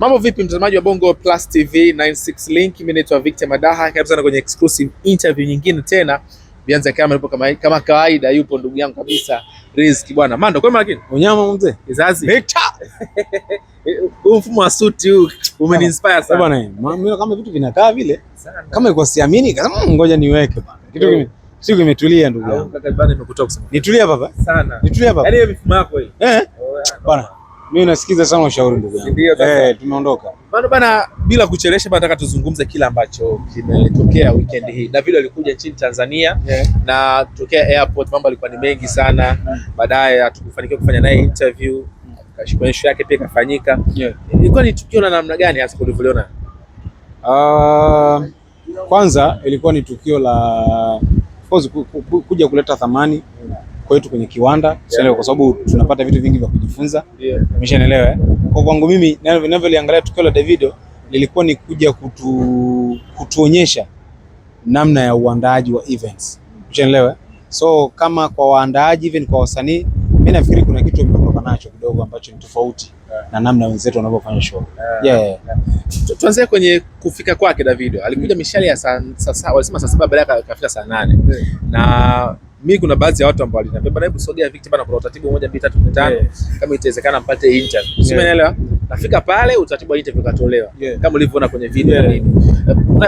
Mambo vipi mtazamaji wa Bongo Plus TV 96 Link, mimi naitwa Victor Madaha. Karibu sana kwenye exclusive interview nyingine tena. Vianza kama yupo kama, kama kawaida yupo ndugu yangu kabisa Rizki bwana. Mando kwema lakini. Unyama mzee. Kizazi. Victor. Huu mfumo wa suti huu umeninspire sana. Bwana, eh, mimi kama vitu vinakaa vile. Sana. Kama iko siamini, mm, ngoja niweke bwana. Kitu kimi. Siku imetulia ndugu yangu. Kaka bwana nimekutoka kusema. Nitulia baba. Sana. Nitulia baba. Yaani mifumo yako hii. Eh. Oh, bwana. Mimi nasikiza sana ushauri ndugu yangu. Eh, tumeondoka. Bado bana, bila kuchelewesha, nataka tuzungumze kila ambacho kimetokea weekend hii. David alikuja nchini Tanzania yeah, na tokea airport mambo alikuwa ni mengi sana mm. Baadaye hatukufanikiwa kufanya naye interview kashikwanisho yake pia ikafanyika. Yeah. Ilikuwa ni tukio la namna gani hasa ulivyoliona? Uh, kwanza ilikuwa ni tukio la kuja kuleta thamani kwetu kwenye kiwanda yeah. Kwa sababu tunapata vitu vingi vya kujifunza yeah. eh? Kwa kwangu mimi ninavyoliangalia tukio la Davido lilikuwa ni kuja kutu, kutuonyesha namna ya uandaaji wa events. Umeshaelewa? Eh? So kama kwa waandaaji even kwa wasanii mimi nafikiri kuna kitu mtoka nacho kidogo ambacho ni tofauti na namna wenzetu wanavyofanya show. Yeah. Yeah. Tuanze kwenye kufika kwake Davido. Alikuja mishale ya saa walisema saa saba baada ya kafika saa nane. Na mi kuna baadhi ya watu ambao walinambia hebu sogea Victor bana, kuna utaratibu moja mbili tatu nne tano Kama itawezekana mpate interview yeah. Simeelewa, nafika pale utaratibu wa interview katolewa yeah. Kama ulivyoona kwenye video yeah. Nini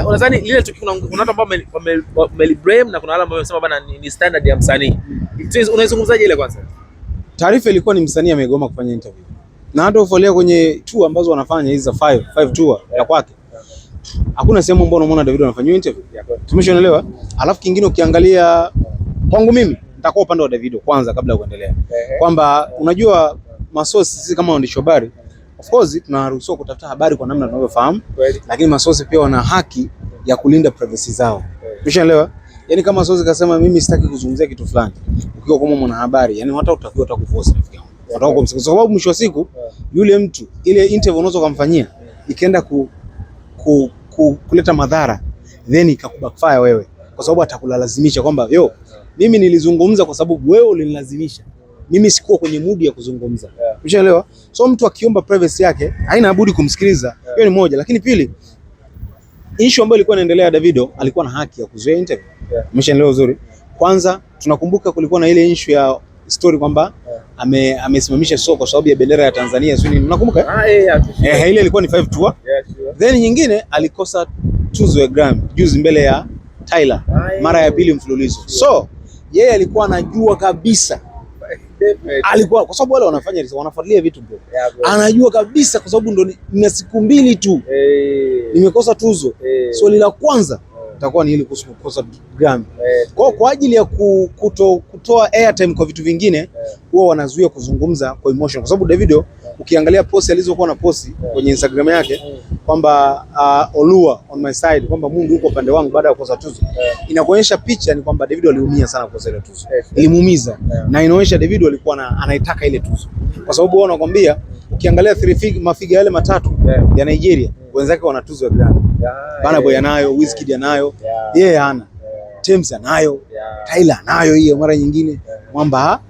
unadhani lile tukio, kuna watu ambao wameliblame na kuna wale ambao wamesema bana, ni standard ya msanii mm. Unaizungumzaje ile? Kwanza taarifa ilikuwa ni msanii amegoma kufanya interview, na hata ufualia kwenye tour ambazo wanafanya hizi za five five tour ya kwake hakuna sehemu ambayo unaona David anafanya interview Tumeshaelewa, alafu kingine ukiangalia Kwangu mimi nitakuwa upande wa Davido kwanza kabla ya kuendelea, kwamba unajua masosi sisi kama waandishi habari of course tunaruhusiwa kutafuta habari kwa namna tunavyofahamu, lakini masosi pia wana haki ya kulinda privacy zao. Umeshaelewa? yani kama sosi kasema mimi sitaki kuzungumzia kitu fulani, ukiwa kama mwanahabari, yani hata utakiwa utakufosa rafiki yangu. Kwa sababu mwisho wa siku yule mtu ile interview unaweza kumfanyia ikaenda ku, ku, ku, kuleta madhara then ikakubackfire wewe, kwa sababu atakulazimisha kwamba yo mimi nilizungumza kwa sababu wewe ulinilazimisha, mimi sikuwa kwenye mudi ya kuzungumza yeah. Umeelewa? So mtu akiomba privacy yake haina budi kumsikiliza hiyo, yeah. Ni moja lakini pili, issue ambayo ilikuwa inaendelea, Davido alikuwa na haki ya kuzuia interview yeah. Umeelewa uzuri? Kwanza tunakumbuka kulikuwa na ile issue ya story kwamba yeah. amesimamisha ame soko kwa sababu ya bendera ya Tanzania sio nini, unakumbuka? Ah, yeah, eh, eh, ile ilikuwa ni five tour yeah, sure. Then nyingine alikosa tuzo ya Grammy juzi mbele ya Tyler ah, mara ya pili mfululizo, sure. so yeye alikuwa anajua kabisa alikuwa kwa sababu wale wanafanya wanafuatilia vitu bro. Yeah, bro. Anajua kabisa kwa sababu ndo nina siku mbili tu hey. Eh. Nimekosa tuzo hey. Eh. Swali la kwanza eh. itakuwa hey. Ni ile kukosa Grammy hey. Kwa kwa ajili ya kuto, kutoa airtime kwa vitu vingine huwa hey. Wanazuia kuzungumza kwa emotion kwa sababu Davido hey. Ukiangalia posti alizokuwa na posti hey. Kwenye Instagram yake kwamba uh, Olua on my side kwamba Mungu uko upande wangu baada ya kukosa tuzo yeah. Inakuonyesha picha ni kwamba Davido aliumia sana kukosa ile tuzo yeah. Ilimuumiza yeah. Na inaonyesha Davido alikuwa anaitaka ile tuzo kwa sababu wao wanakwambia ukiangalia three fig mafiga yale matatu yeah. ya Nigeria yeah. wenzake wana tuzo ya Grammy yeah. Bana Boy anayo yeah. Wizkid anayo yeye yeah. yeah, ana yeah. James anayo yeah. Tyler anayo hiyo mara nyingine yeah. Mwamba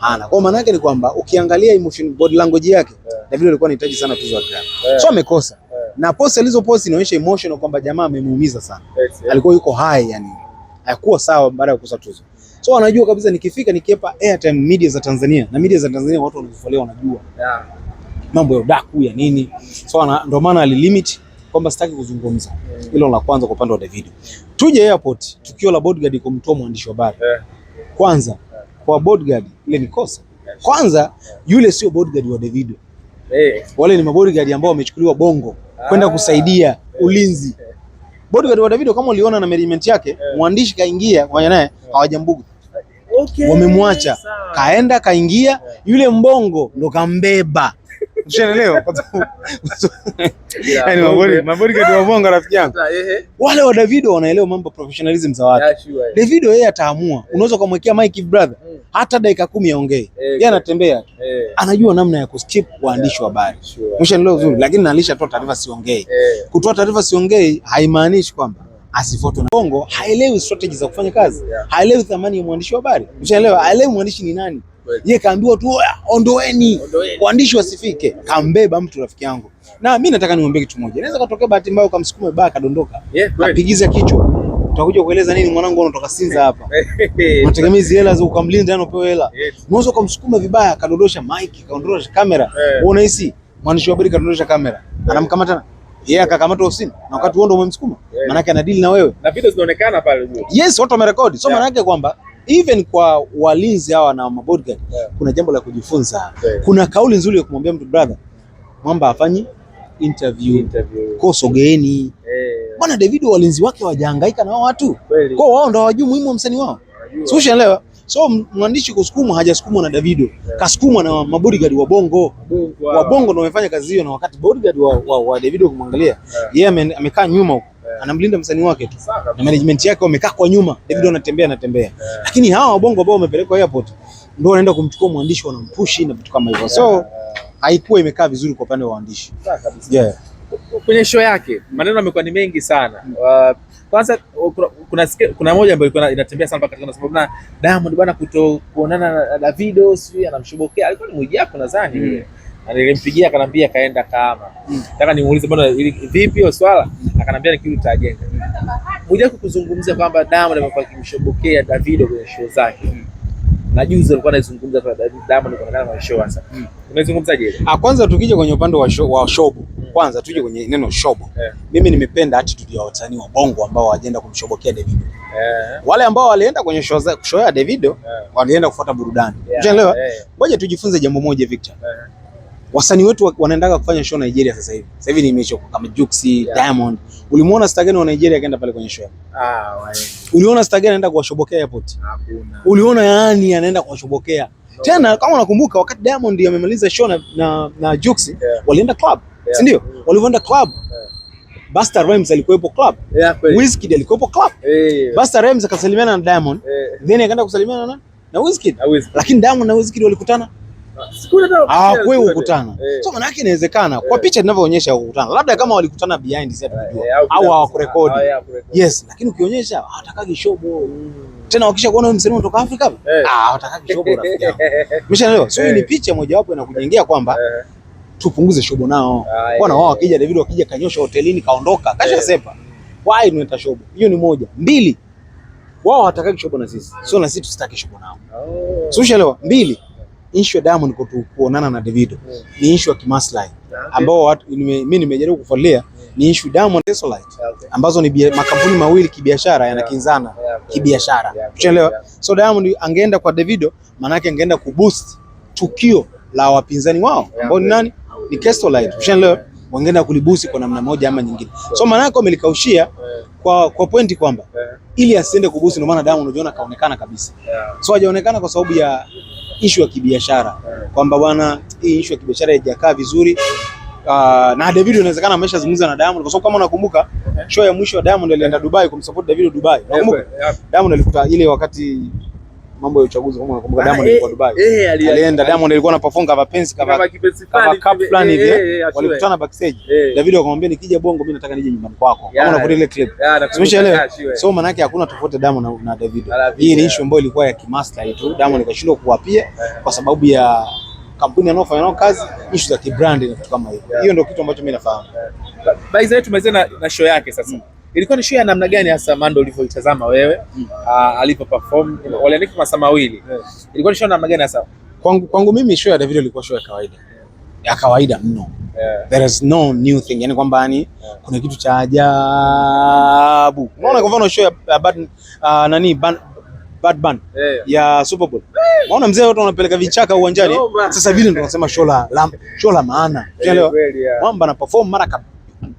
ana kwa maana yake ni kwamba ukiangalia emotion body language yake yeah. Davido alikuwa anahitaji sana tuzo ya Grammy yeah. So amekosa na post alizopost inaonyesha emotional kwamba jamaa amemuumiza sana yes, yes. Alikuwa yuko hai yani, hayakuwa sawa baada ya kukosa tuzo. So anajua kabisa nikifika nikiepa airtime media za Tanzania na media za Tanzania watu wanazifuatilia wanajua yeah. mambo ya udaku ya nini, so ndio maana alilimit kwamba sitaki kuzungumza hilo. yeah. La kwanza kwa upande wa Davido, tuje airport, tukio la bodyguard kumtoa mwandishi wa habari yeah. Kwanza kwa bodyguard ile ni kosa kwanza, yule sio bodyguard wa Davido. Hey. Wale ni mabodyguard ambao wamechukuliwa bongo kwenda kusaidia ulinzi. Bodyguard wa Davido kama uliona na management yake, eh. mwandishi kaingia pamoja naye eh. hawajambugu. Okay. Wamemwacha kaenda kaingia, eh. yule mbongo ndo kambeba. Ushaelewa? Yaani mabodi kati wa bonga rafiki yangu. Ah, Wale wa Davido wanaelewa mambo professionalism za watu. Davido yeye ataamua. Unaweza kumwekea Mike brother mm. hata dakika kumi aongee. Yeye anatembea eh. Anajua namna ya kuskip waandishi wa habari. Umeshaelewa vizuri, eh. lakini naalisha toa taarifa siongei. Eh. Kutoa taarifa siongei haimaanishi kwamba mm. asifoto na bongo haelewi strategy za kufanya kazi. Haelewi thamani ya mwandishi wa habari. Ushaelewa? Haelewi mwandishi ni nani. Yeye kaambiwa tu oya, ondoeni, waandishi wasifike. Kambeba mtu rafiki yangu, na mimi nataka niombe kitu moja. Inaweza kutokea bahati mbaya ukamsukuma baa kadondoka, apigiza kichwa, utakuja kueleza nini? Mwanangu anatoka Sinza hapa, mtegemezi hela za ukamlinda, yani upewe hela. Unaweza ukamsukuma vibaya, akadondosha mic, akadondosha kamera. Eh. Wewe Unahisi mwandishi wa habari kadondosha kamera, eh. anamkamata yeye yeah, akakamata ofisini na wakati huo ndio umemsukuma, yeah. manake ana deal na wewe na video zinaonekana pale juu. Yes, watu wamerekodi, so yeah. manake kwamba even kwa walinzi hawa na mabodyguard yeah. Kuna jambo la kujifunza yeah. Kuna kauli nzuri ya kumwambia mtu brother, mwamba afanyi interview, interview. Ko sogeeni bwana yeah. Davido walinzi wake wajahangaika na wao watu Kwa wao ndo hawajui muhimu wa msanii wao yeah. Sio unaelewa So mwandishi kusukumwa hajasukumwa na Davido yeah. Kasukumwa na mabodyguard wa Bongo Wa Bongo ndio wamefanya kazi hiyo, na wakati bodyguard wa, wa, wa Davido kumwangalia yeye yeah. Yeah, amekaa nyuma huko anamlinda msanii wake tu na management yake wamekaa kwa nyuma, Davido anatembea anatembea, lakini hawa wabongo ambao wamepelekwa airport ndio wanaenda kumchukua mwandishi wanampushi na vitu kama hivyo, so haikuwa imekaa vizuri kwa upande wa waandishi yeah. Kwenye show yake maneno yamekuwa ni mengi sana uh, kwanza kuna, kuna moja ambayo ilikuwa inatembea sana mpaka sababu na Diamond bwana kuto kuonana na Davido, sio anamshobokea, alikuwa ni mwijaku nadhani mm na nilimpigia akanambia kaenda kama hmm. Nataka mm. nimuulize bwana, vipi hiyo swala? Akanambia ni kitu tajenga. mm. kuzungumzia kwamba Diamond amekuwa akimshobokea Davido kwenye show zake mm. na juzi alikuwa anazungumza kwa Diamond kwa kana kwenye show sasa mm. Unaizungumzaje ile? Ah, kwanza tukija kwenye upande wa show wa shobo. Hmm. Kwanza tuje kwenye neno shobo. Yeah. Mimi nimependa attitude ya watani wa Bongo ambao wajenda kumshobokea Davido. Yeah. Wale ambao walienda kwenye show za show ya Davido yeah, walienda kufuata burudani. Unaelewa? Yeah. Ngoja yeah, tujifunze jambo moja Victor. Yeah wasanii wetu wanaendaga kufanya show Nigeria sasa hivi. Sasa hivi ni nimechoka kama Juxi, yeah. Diamond. Ulimuona star gani wa Nigeria akaenda pale kwenye show? Ah, wae. Uliona star gani anaenda kuwashobokea airport? Hakuna. Uliona yani anaenda kuwashobokea. No. Tena kama unakumbuka wakati Diamond amemaliza show na na, na Juxi, yeah. Walienda club, yeah. Si ndio? Yeah. Mm. Walivyoenda club. Yeah. Busta Rhymes alikuwepo club. Yeah, Wizkid alikuwepo club. Eh. Hey. Busta Rhymes akasalimiana na Diamond. Hey. Then akaenda kusalimiana na na Wizkid. Lakini Diamond na Wizkid walikutana hawakuwahi kukutana hey. Eh. So maana yake inawezekana hey. Kwa eh. picha tunavyoonyesha kukutana, labda kama walikutana behind sasa tunajua hey, au hawakurekodi yes, lakini ukionyesha hawatakagi shobo mm. Tena wakisha kuona wewe msanii kutoka Afrika hey. Eh. Ah, hawatakagi show shobo rafiki yao umeshaelewa, so hii ni picha mojawapo inakujengea kwamba hey. Tupunguze shobo nao ah, bwana wao, wakija David wakija kanyosha hotelini kaondoka kasha sepa Why tunaita shobo hiyo ni moja mbili, wao hawataki shobo na sisi, so na sisi tusitaki shobo nao oh. So ushaelewa mbili issue ya Diamond kuonana na Davido yeah. ni issue ya kimaslahi yeah, okay. ambao mimi nimejaribu kufuatilia ni issue Diamond Socialite ambazo ni makampuni mawili kibiashara yanakinzana kibiashara, unaelewa? So Diamond angeenda kwa Davido, maana yake angeenda kuboost tukio la wapinzani wao ambao ni nani? Ni Socialite, unaelewa? Wangeenda kulibusi kwa namna moja ama nyingine, so maana yake wamelikaushia kwa, kwa pointi kwamba ili asiende kubusi, ndio maana Diamond unajiona kaonekana kabisa, so hajaonekana kwa sababu ya ishu ya kibiashara kwamba bwana, hii ishu ya kibiashara haijakaa vizuri. Uh, na Davido inawezekana ameshazungumza na Diamond kwa sababu kama unakumbuka show ya mwisho ya Diamond alienda Dubai kumsupport Davido Dubai. Unakumbuka? Diamond alikuta ile wakati mambo ya uchaguzi kama unakumbuka, Diamond alikuwa eh, Dubai, eh, alienda Diamond alikuwa na perform kama pensi kama kama cup plan hivi, eh, eh, walikutana backstage, David akamwambia nikija Bongo mimi nataka nije nyumbani kwako, kama unakuta ile clip, umeshaelewa? So maana yake hakuna tofauti Diamond na David. Hii ni issue ambayo ilikuwa ya kimaslahi tu, Diamond ikashindwa kuwapia kwa sababu ya kampuni anayofanya nao kazi, issue za kibrand na kitu kama hiyo. Hiyo ndio kitu ambacho mimi nafahamu. Baiza yetu tumezana na show yake sasa mm ilikuwa ni show ya namna gani hasa Mando, ulivyoitazama wewe mm. Ah, alipo perform yeah. waliandika masaa mawili yes. ilikuwa ni show ya namna gani hasa? Kwangu, kwangu mimi show ya Davido ilikuwa show ya kawaida ya kawaida mno yeah. There is no new thing, yani kwamba yani yeah. kuna kitu cha ajabu unaona yeah. Kwa mfano show ya uh, bad, uh, nani ban, Bad Bunny yeah. ya Super Bowl yeah. Maona mzee wote wanapeleka vichaka uwanjani no, sasa vile ndo nasema show la show la maana yeah, kwamba yeah. na perform mara kadhaa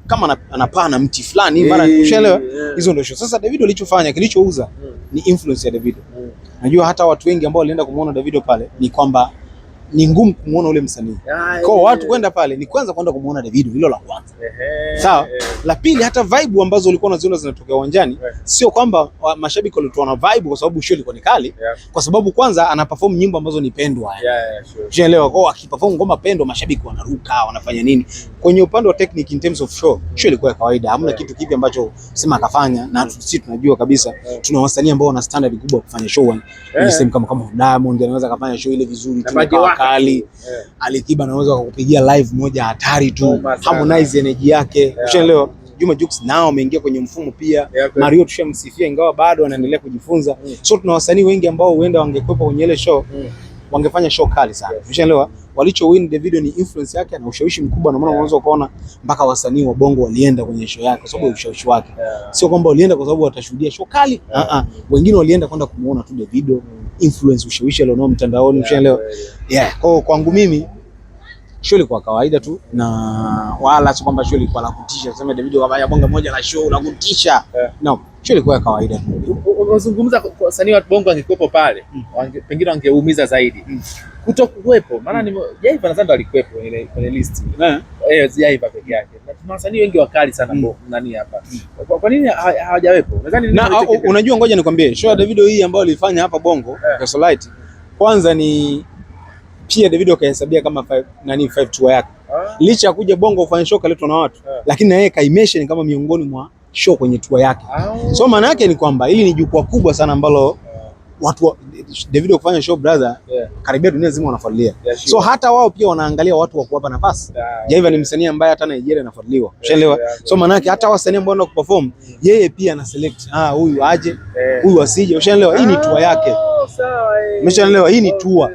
kama anapaa na mti fulani mara, eh. ushaelewa? Hizo ndio show. Sasa Davido alichofanya kilichouza ni influence ya Davido. Hmm. Najua hata watu wengi ambao walienda kumuona Davido pale ni kwamba ni ngumu kumuona ule msanii. Kwa watu kwenda pale ni kwanza kwenda kumuona Davido, hilo la kwanza. Sawa. La pili, hata vibe ambazo ulikuwa unaziona zinatokea uwanjani, eh. sio kwamba ah, mashabiki walikuwa na vibe kwa sababu show ilikuwa ni kali, kwa sababu kwanza ana perform nyimbo ambazo ni pendwa. Unaelewa? Kwa akiperform ngoma pendwa, mashabiki wanaruka, wanafanya nini? Kwenye upande wa technique in terms of show, show ilikuwa ya kawaida, hamna kitu kipi ambacho sema akafanya, na mm. sisi tunajua kabisa tuna wasanii ambao wana standard kubwa kufanya show. Ni same kama kama Diamond anaweza kufanya show ile vizuri tu kali yeah. Alikiba anaweza kukupigia live moja hatari tu, Harmonize energy yake yeah. Ushaelewa. Juma Jux nao ameingia kwenye mfumo pia yeah, Mario tushamsifia ingawa bado anaendelea kujifunza mm. So tuna wasanii wengi ambao huenda wangekwepa kwenye ile show mm wangefanya show kali sana. Umeshaelewa? Walicho win Davido ni influence yake na ushawishi mkubwa, na maana unaweza kuona mpaka wasanii wa Bongo walienda kwenye show yake kwa sababu ya ushawishi wake. Sio kwamba walienda kwa sababu watashuhudia show kali. Ah ah. Wengine walienda kwenda kumuona tu Davido, mm. influence, ushawishi alionao mtandaoni. Umeshaelewa? Yeah. Kwa kwangu mimi show ilikuwa kawaida tu na wala si kwamba show ilikuwa la kutisha, tuseme Davido kavaa bonge moja la show la kutisha yeah. No, show ilikuwa ya kawaida tu. Unazungumza wasanii wa bongo angekuwepo pale mm. wange, pengine wangeumiza zaidi mm. kutokuwepo maana mm. Jaiva nadhani alikuwepo kwenye list eh yeah. Eh, Jaiva peke yake na tuna wasanii wengi wakali sana mm. nani hapa mm. kwa nini hawajawepo? Nadhani na unajua, ngoja nikwambie show ya eh. Davido hii ambayo alifanya hapa Bongo yeah. Socialite kwanza ni pia David akahesabia kama five, nani five tour yake ah. Licha ya kuja Bongo kufanya show kaletwa na watu ah. Lakini na yeye kaimention kama miongoni mwa show kwenye tour yake ah. So maana yake ni kwamba hili ni jukwaa kubwa sana ambalo ah. watu wa, David kufanya show brother, yeah. Karibia dunia nzima wanafuatilia yeah, sure. So hata wao pia wanaangalia watu wa kuwapa nafasi yeah. Jaiva ni msanii ambaye hata Nigeria anafuatiliwa yeah, ushaelewa yeah, so maana yake hata wasanii ambao wanaenda kuperform yeye pia ana select ah, huyu aje huyu yeah. Asije ushaelewa, yeah. hii ni tour yake. Ah. Eh. Umeshaelewa? Hii ni oh, tour.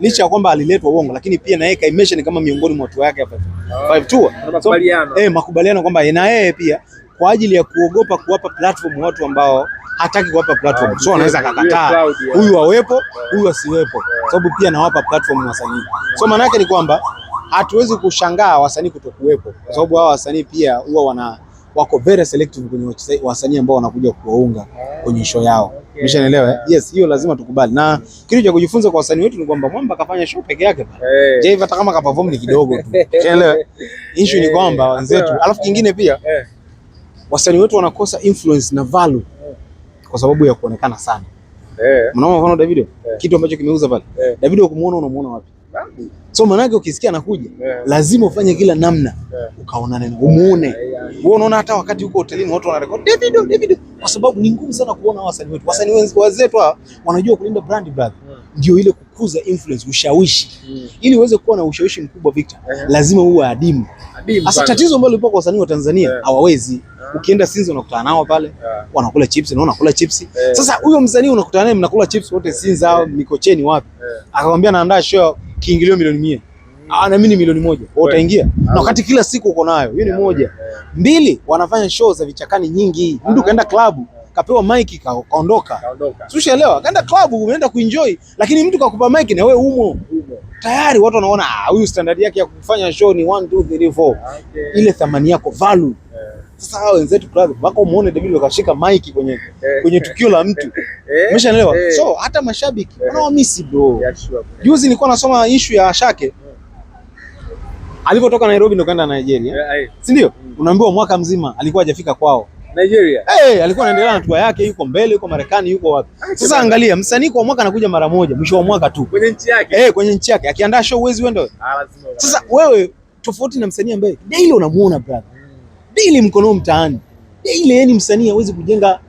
Licha ya kwamba aliletwa uongo, lakini pia naye yeye kama miongoni mwa tour yake hapa. Oh. Five tour. Makubaliano. Eh, makubaliano kwamba na yeye pia kwa ajili ya kuogopa kuwapa platform watu ambao hataki kuwapa platform. Ah, so anaweza akakataa huyu awepo, huyu asiwepo, sababu pia anawapa platform wasanii. So maana yake ni kwamba hatuwezi kushangaa wasanii kutokuwepo, kwa sababu hawa wasanii pia huwa wana wako very selective kwenye wasanii ambao wanakuja kuwaunga kwenye show yao. Umeshaelewa? Okay. Eh? Yes, hiyo lazima tukubali. Na kitu cha kujifunza kwa wasanii wetu ni kwamba Mwamba kafanya show peke yake bana. Eh. Je, hata kama kaperform ni kidogo tu. Umeelewa? Issue ni eh. kwamba wenzetu, alafu kingine pia Wasanii wetu wanakosa influence na value kwa sababu ya kuonekana sana. Eh. Mnaona mfano Davido, Kitu ambacho kimeuza pale. Davido kumuona unamuona wapi? So manake ukisikia anakuja yeah. lazima ufanye kila namna yeah. ukaonane na umuone yeah, yeah, unaona hata wakati uko hotelini watu wanarekodi Davido Davido, kwa sababu ni ngumu sana kuona wasanii wetu wasanii wenzetu wazetu hawa wanajua kulinda brand brother yeah. Ndio ile kukuza influence, ushawishi yeah. Mm. Ili uweze kuwa na ushawishi mkubwa Victor yeah. Lazima uwe adimu. Sasa tatizo ambalo lipo kwa wasanii wa Tanzania hawawezi yeah. Ukienda Sinza unakutana nao pale yeah. wanakula chips na unakula chips yeah. Sasa huyo msanii unakutana naye mnakula chips wote yeah. Sinza yeah. Mikocheni wapi yeah. akamwambia naandaa show kiingilio milioni mia ah, na mimi ni milioni moja wewe utaingia na wakati kila siku uko nayo. Hiyo ni moja. Mbili, wanafanya show za vichakani nyingi. Mtu kaenda klabu kapewa mic kaondoka, ushaelewa? Kaenda klabu umeenda kuenjoy, lakini mtu kakupa mic na wewe umo tayari, watu wanaona ah, huyu standard yake ya kufanya show ni 1 2 3 4, ile thamani yako value. Sasa hao wenzetu club wako muone David wakashika mic kwenye eh. kwenye tukio la mtu eh, umeshaelewa eh. So hata mashabiki wanawamisi eh, bro yeah, sure, juzi nilikuwa nasoma issue ya Shake Ashake eh. alivyotoka Nairobi ndo kaenda Nigeria eh, yeah, si ndio? Mm. Unaambiwa mwaka mzima alikuwa hajafika kwao Nigeria. Hey, eh, alikuwa anaendelea na tour yake, yuko mbele, yuko Marekani, yuko wapi? Ah, Sasa angalia, msanii kwa mwaka anakuja mara moja mwisho wa mwaka tu kwenye nchi yake. Hey, kwenye nchi yake akiandaa show uwezi ah, uende. Sasa wewe tofauti na msanii ambaye daily unamuona brother. Mm. Daily mkono mtaani. Daily yani msanii hawezi kujenga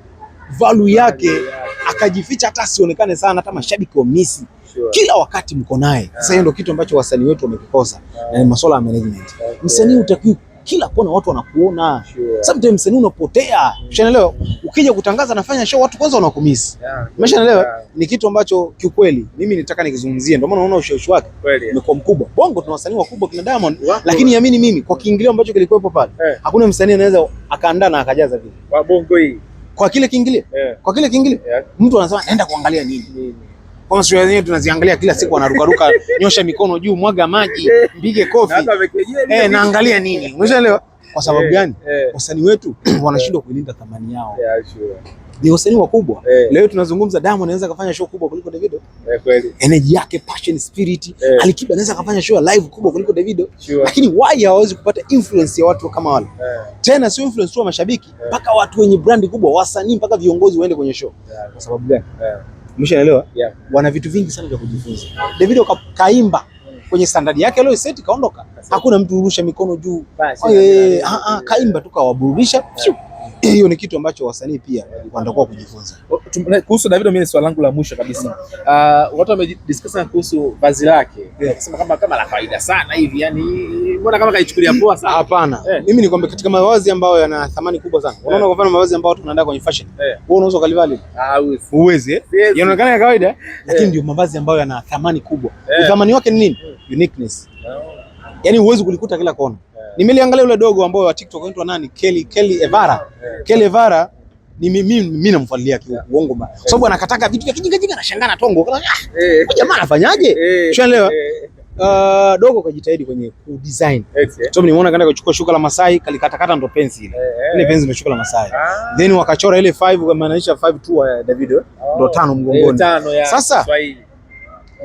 value yake akajificha hata asionekane sana, hata mashabiki wa Messi sure. Kila wakati mko naye yeah. sasa. Hiyo ndio kitu ambacho wasanii wetu wamekikosa yeah. ni masuala ya management. okay. Msanii utakiwi kila kona watu wanakuona sure. Sometimes msanii unapotea mm. Umeshaelewa, ukija kutangaza nafanya show watu kwanza wanakumisi yeah. Umeshaelewa yeah. Ni kitu ambacho kiukweli mimi nitaka nikizungumzie, ndio maana unaona ushawishi wake umekuwa mkubwa. Bongo tuna wasanii wakubwa kina Diamond, lakini yamini mimi kwa kiingilio ambacho kilikuwepo pale hey. Eh. Hakuna msanii anaweza akaandaa na akajaza vile wa bongo hii kwa kile kiingilio? Yeah. Kwa kile kiingilio? Yeah. Mtu anasema naenda kuangalia nini? Nini? Kwa sababu wenyewe tunaziangalia kila siku wanarukaruka, nyosha mikono juu, mwaga maji, mpige kofi. Eh, naangalia nini? Unaelewa? Kwa sababu gani? Wasanii wetu wanashindwa kulinda thamani yao. Yeah, sure ni wasanii wakubwa eh. Leo tunazungumza Diamond anaweza kufanya show kubwa kuliko Davido eh, kweli. Energy yake, passion, spirit eh. Alikiba anaweza kufanya show live kubwa kuliko Davido sure. Lakini why hawezi kupata influence ya watu kama wale eh. Tena sio influence tu wa mashabiki eh. mpaka eh. Watu wenye brand kubwa, wasanii mpaka viongozi waende kwenye show yeah. Kwa sababu gani yeah? Umeshaelewa yeah. Wana vitu vingi sana vya kujifunza. Davido ka, kaimba kwenye standard yake leo seti kaondoka, hakuna mtu urusha mikono juu, ah, ah, kaimba tu kawaburudisha yeah. Eh, hiyo ni kitu ambacho wasanii pia wanatakiwa kujifunza. Kuhusu Davido, mimi swali langu la mwisho kabisa, uh, watu wamediscuss kuhusu vazi lake yeah. Kama kama la kawaida sana hivi, yani mbona kama kaichukulia poa sana? Hapana, yeah. Mimi ni kwamba katika mavazi ambayo yana thamani kubwa sana, unaona eh. kwa mfano mavazi ambayo tunaandaa kwenye fashion, eh. wewe unaweza Ah, uwezi, yanaonekana ya kawaida, lakini ndio mavazi ambayo yana thamani kubwa. Thamani wake ni nini? Uniqueness, yani huwezi kulikuta kila kona. Nimeliangalia yule dogo ambaye wa TikTok anaitwa nani? Kelly Kelly Evara. Kelly Evara ni mimi mimi namfuatilia kwa uongo bana. Sababu anakataka vitu vya kijinga jinga anashangaa na tongo. Ah, eh. jamaa anafanyaje? Eh. Unaelewa? Uh, eh. ah, dogo kajitahidi kwenye ku design so nimeona kaenda kuchukua shuka la Masai kalikatakata, ndo pensi ile ile pensi ndo shuka la Masai ah. Then wakachora ile 5 kwa maana maanisha 5 tu ya Davido ndo tano mgongoni. Sasa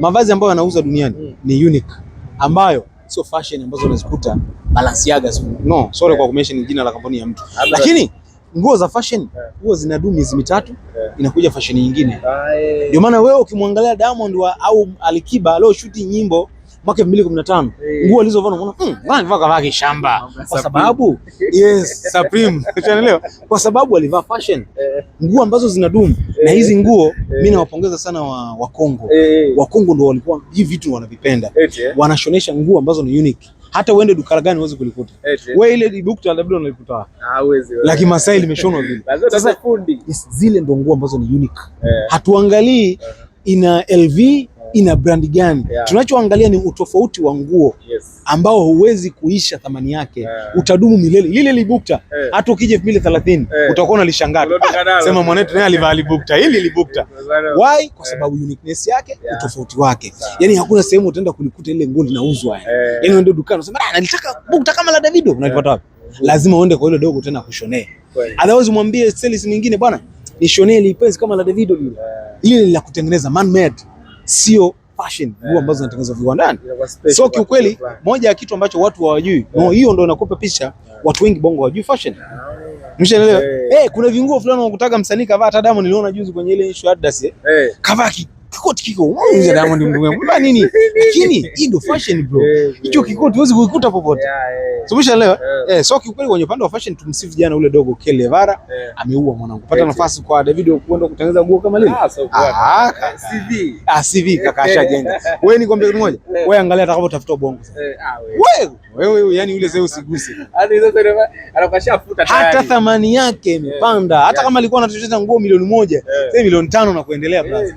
mavazi ambayo yanauza duniani hmm. ni unique ambayo sio fashion ambazo unazikuta Balenciaga. No, sorry kwa eh. kumention jina la kampuni ya mtu, lakini nguo za fashion huwa eh. zinadumu miezi mitatu, eh. inakuja fashion nyingine. Ah, Ndio maana wewe ukimwangalia Diamond wa au Alikiba alio shuti nyimbo mwaka 2015 nguo alizovaa unaona, mmm, bwana alivaa kama kishamba kwa sababu yes, Supreme unaelewa, kwa sababu alivaa fashion eh. nguo ambazo zinadumu. Na eh. hizi nguo eh. mimi nawapongeza sana wa wa Kongo, wa Kongo ndio walikuwa hivi vitu wanavipenda, wanashonesha nguo ambazo ni unique hata uende duka gani uweze kulikuta. Wewe ile ibukta labda unaikuta wapi? Hawezi ah, wewe. Lakini Masai limeshonwa vile. Sasa fundi. Zile ndo nguo ambazo ni unique. Hatuangalii uh-huh. ina LV ina brand gani? Yeah. Tunachoangalia ni utofauti wa nguo yes, ambao huwezi kuisha thamani yake yeah, utadumu milele. Lile libukta hata yeah, ukija elfu mbili thelathini yeah, utakuwa unalishangaa ah, sema mwanetu naye alivaa libukta hili libukta. Why? Kwa sababu yeah, uniqueness yake yeah, utofauti wake yeah. Yani hakuna sehemu utaenda kulikuta ile nguo linauzwa yani, yeah, yani uende dukani unasema ah, nalitaka bukta kama la Davido unalipata wapi? Yeah. Mm-hmm. Lazima uende kwa ile dogo tena kushonee, otherwise mwambie sales mwingine, bwana nishonee lipenzi kama la Davido lile, yeah, lile la kutengeneza man made sio fashion nguo ambazo zinatengenezwa viwandani. So kiukweli, moja ya kitu ambacho watu hawajui no, hiyo ndio inakupa picha. Watu wengi Bongo hawajui fashion, mshaelewa? Eh, kuna vinguo fulani unakutaka msanii kavaa, hata Diamond niliona juzi kwenye ile issue Adidas, eh kavaa kikoti kiko uuza Diamond mnunua nini? Lakini hii ndo fashion bro, hicho kikoti huwezi kukuta popote, sio leo eh. So kiukweli kwenye upande wa fashion tumsifu jana ule dogo Kelevara ameua mwanangu, pata nafasi kwa David kwenda kutengeneza nguo kama lile. Ah, CV ah, ah. Eh, CV ah, kaka ashajenga. Wewe ni kwambia kitu moja, wewe angalia atakapotafuta bongo eh, ah, wewe wewe, yani yule zee usiguse, hata thamani yake imepanda. Hata kama alikuwa anatucheza nguo milioni moja, sasa milioni tano na kuendelea basi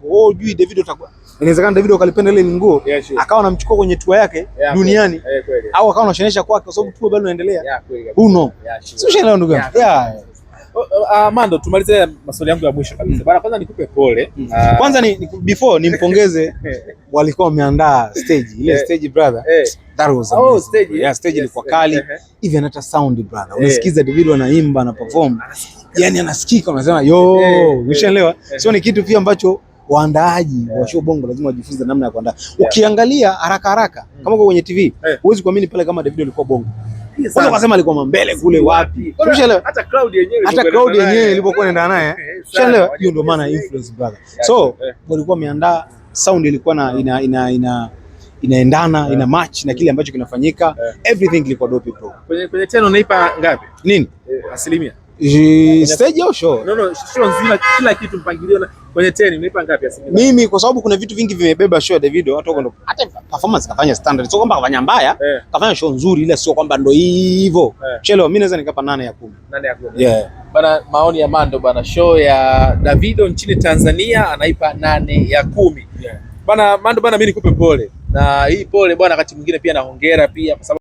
hujui Davido atakuwa inawezekana Davido akalipenda ile nguo akawa anamchukua kwenye tua yake duniani au akawa anashonesha kwake, kwa sababu tua bado inaendelea. Uno sio shida ndugu yangu. Uh, uh Mando, tumalize maswali yangu ya mwisho kabisa. Mm. Bana, kwanza nikupe pole. Mm. Ah. Kwanza ni before nimpongeze eh. walikuwa wameandaa stage. Ile eh. stage brother. Eh. That was oh, amazing. oh, stage. Yeah, stage ilikuwa kali. Even anata sound brother. Unasikiza Davido anaimba na perform. Yaani anasikika unasema yo, umeshaelewa? Sio ni kitu pia ambacho waandaaji yeah, wa show Bongo lazima wajifunze namna ya kuandaa. Ukiangalia haraka haraka mm. kama kwa kwenye TV, huwezi kuamini pale kama David alikuwa Bongo. Kwanza ukasema alikuwa mambele kule wapi? Unaelewa? Hata crowd yenyewe hata crowd yenyewe ilipokuwa inaenda naye. Unaelewa? Hiyo ndio maana influence brother. So eh. walikuwa wameandaa sound ilikuwa na ina ina ina inaendana yeah. ina match na kile ambacho kinafanyika. yeah. Everything ilikuwa dope bro. Kwenye kwenye tano naipa ngapi? Nini? Eh, asilimia stage au show? No, no, show nzima kila kitu mpangilio na kwenye teni unaipa ngapi asili? Mimi kwa sababu kuna vitu vingi vimebeba show ya Davido watu wako ndo hata performance kafanya standard. Sio kwamba kafanya mbaya, yeah. Kafanya show nzuri ila sio kwamba ndo hivyo. Yeah. Chelo mimi naweza nikapa nane ya kumi. Nane ya kumi. Yeah. Bana maoni ya Mando bana show ya Davido nchini Tanzania anaipa nane ya kumi. Yeah. Bana Mando bana mimi nikupe pole. Na hii pole bwana wakati mwingine pia na hongera pia kwa sababu